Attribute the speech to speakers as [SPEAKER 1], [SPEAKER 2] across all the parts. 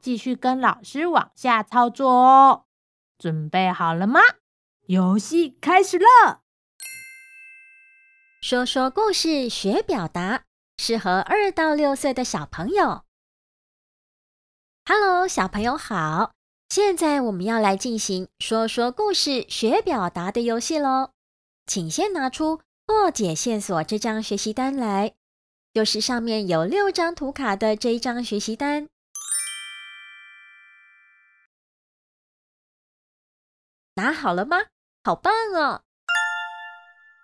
[SPEAKER 1] 繼續跟老師往下操作哦，準備好了嗎？遊戲開始了。說說故事學表達，適合二到六歲的小朋友。Hello，小朋友好，現在我們要來進行說說故事學表達的遊戲咯，請先拿出破解線索這張學習單來，就是上面有六張圖卡的這一張學習單。拿好了嗎？好棒哦！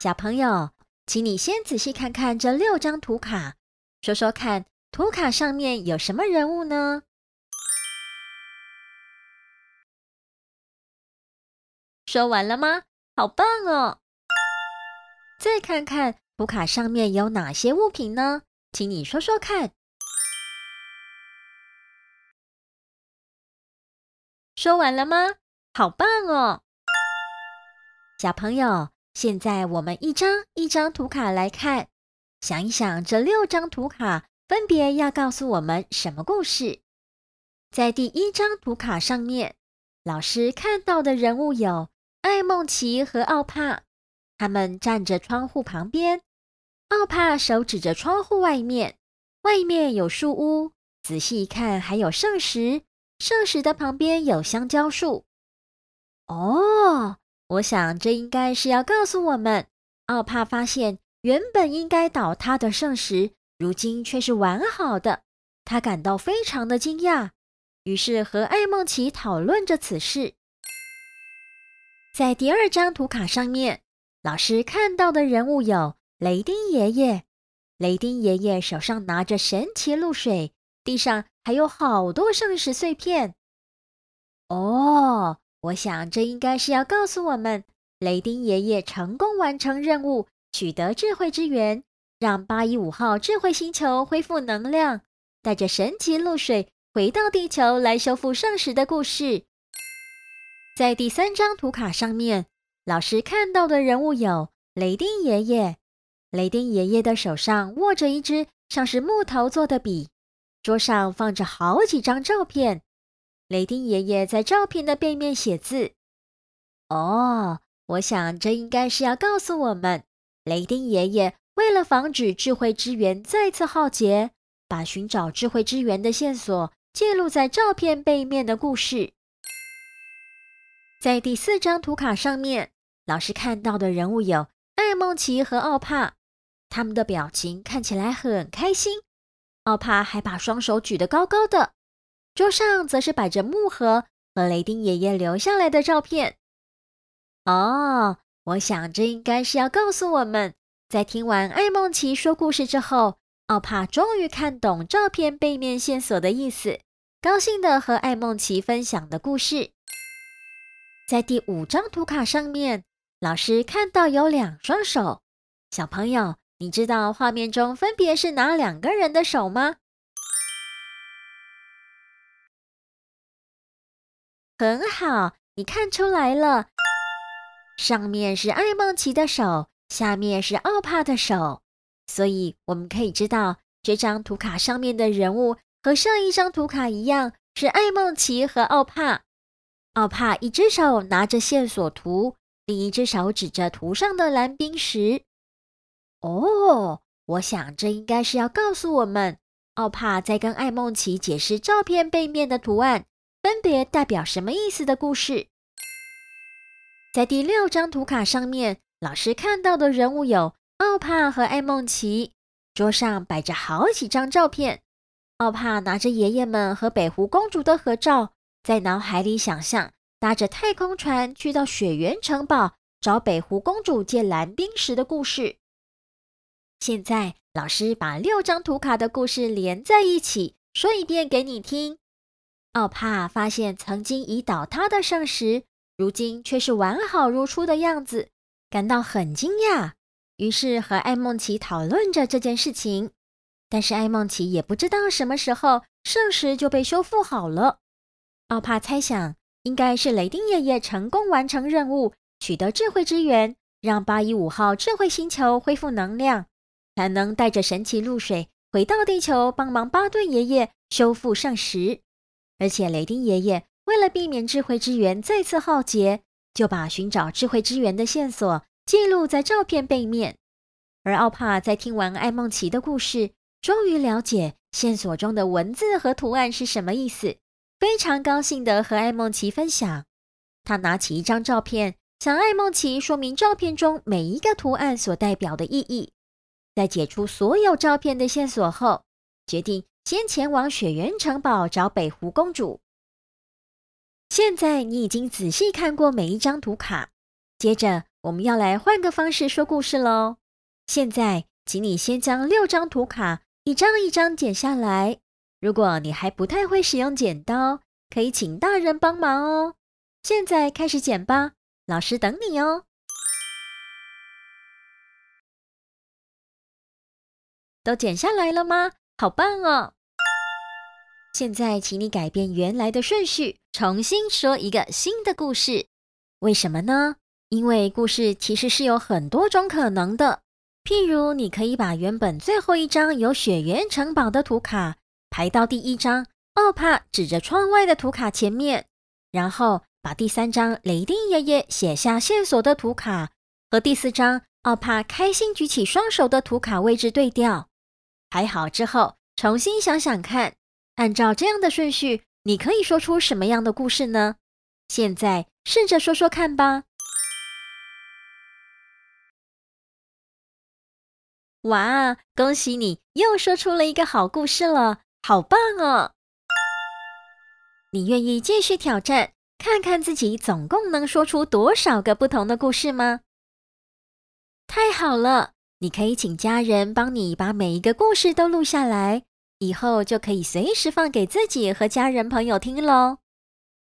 [SPEAKER 1] 小朋友，請你先仔細看看這六張圖卡，說說看，圖卡上面有什麼人物呢？說完了嗎？好棒哦！再看看圖卡上面有哪些物品呢？請你說說看。說完了嗎？好棒哦，小朋友！現在我們一張一張圖卡來看，想一想這六張圖卡分別要告訴我們什麼故事。在第一張圖卡上面，老師看到的人物有愛孟奇和奧帕，他們站着窗戶旁邊。奧帕手指着窗戶外面，外面有樹屋，仔細一看還有聖石，聖石的旁邊有香蕉樹。哦，我想這應該是要告訴我們，奧帕發現原本應該倒塌的聖石，如今卻是完好的，他感到非常的驚訝，於是和愛孟奇討論着此事。在第二張圖卡上面，老師看到的人物有雷丁爺爺，雷丁爺爺手上拿着神奇露水，地上還有好多聖石碎片。哦。我想，這應該是要告訴我們，雷丁爺爺成功完成任務，取得智慧之源，讓八一五號智慧星球恢復能量，帶着神奇露水回到地球來修復聖石的故事。在第三張圖卡上面，老師看到的人物有雷丁爺爺。雷丁爺爺的手上握着一支像是木頭做的筆，桌上放着好幾張照片。雷丁爺爺在照片的背面寫字。哦，我想這應該是要告訴我們，雷丁爺爺為了防止智慧之源再次浩劫，把尋找智慧之源的線索記錄在照片背面的故事。在第四張圖卡上面，老師看到的人物有愛孟奇和奧帕，他們的表情看起來很開心，奧帕還把雙手舉得高高的。桌上則是擺着木盒和雷丁爺爺留下來的照片。哦，我想這應該是要告訴我們，在聽完愛孟奇說故事之後，奧帕終於看懂照片背面線索的意思，高興的和愛孟奇分享的故事。在第五張圖卡上面，老師看到有兩雙手，小朋友，你知道畫面中分別是哪兩個人的手嗎？很好，你看出來了，上面是愛孟奇的手，下面是奧帕的手，所以我們可以知道這張圖卡上面的人物和上一張圖卡一樣是愛孟奇和奧帕。奧帕一隻手拿着線索圖，另一隻手指着圖上的藍冰石。哦，我想這應該是要告訴我們，奧帕在跟愛孟奇解釋照片背面的圖案。分別代表什麼意思的故事？在第六張圖卡上面，老師看到的人物有奧帕和愛孟奇。桌上擺着好幾張照片，奧帕拿着爺爺們和北湖公主的合照，在腦海裡想象，搭着太空船去到雪原城堡，找北湖公主借藍冰石的故事。現在，老師把六張圖卡的故事連在一起，說一遍給你聽。奧帕發現曾經已倒塌的聖石，如今卻是完好如初的樣子，感到很驚訝。於是和愛孟奇討論着這件事情，但是愛孟奇也不知道什麼時候聖石就被修復好了。奧帕猜想，應該是雷丁爺爺成功完成任務，取得智慧之源，讓八一五號智慧星球恢復能量，才能帶着神奇露水回到地球，幫忙巴頓爺爺修復聖石。而且，雷丁爺爺為了避免智慧之源再次浩劫，就把尋找智慧之源的線索記錄在照片背面。而奧帕在聽完愛孟奇的故事，終於了解線索中的文字和圖案是什麼意思，非常高興地和愛孟奇分享。他拿起一張照片，向愛孟奇說明照片中每一個圖案所代表的意義。在解除所有照片的線索後，決定。先前往雪原城堡找北湖公主。現在你已經仔細看過每一張圖卡，接着我們要來換個方式說故事嘍。現在，請你先將六張圖卡一張一張剪下來。如果你還不太會使用剪刀，可以請大人幫忙哦。現在開始剪吧，老師等你哦。都剪下來了嗎？好棒哦！現在，請你改變原來的順序，重新說一個新的故事。為什麼呢？因為故事其實是有很多種可能的。譬如，你可以把原本最後一張有雪原城堡的圖卡排到第一張，奧帕指着窗外的圖卡前面，然後把第三張雷丁爺爺寫下線索的圖卡和第四張奧帕開心舉起雙手的圖卡位置對調。排好之後，重新想想看，按照這樣的順序，你可以說出什麼樣的故事呢？現在試着說說看吧。哇，恭喜你又說出了一個好故事了，好棒哦！你願意繼續挑戰，看看自己總共能說出多少個不同的故事嗎？太好了！你可以請家人幫你把每一個故事都錄下來，以後就可以隨時放給自己和家人朋友聽嘍。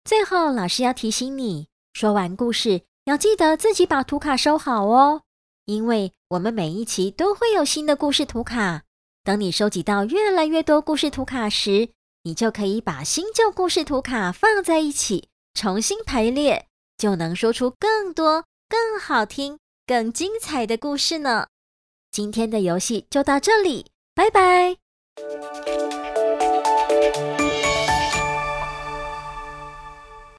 [SPEAKER 1] 最後，老師要提醒你，說完故事要記得自己把圖卡收好哦。因為我們每一期都會有新的故事圖卡，等你收集到越來越多故事圖卡時，你就可以把新舊故事圖卡放在一起重新排列，就能說出更多、更好聽、更精彩的故事呢。今天的遊戲就到這裡，拜拜。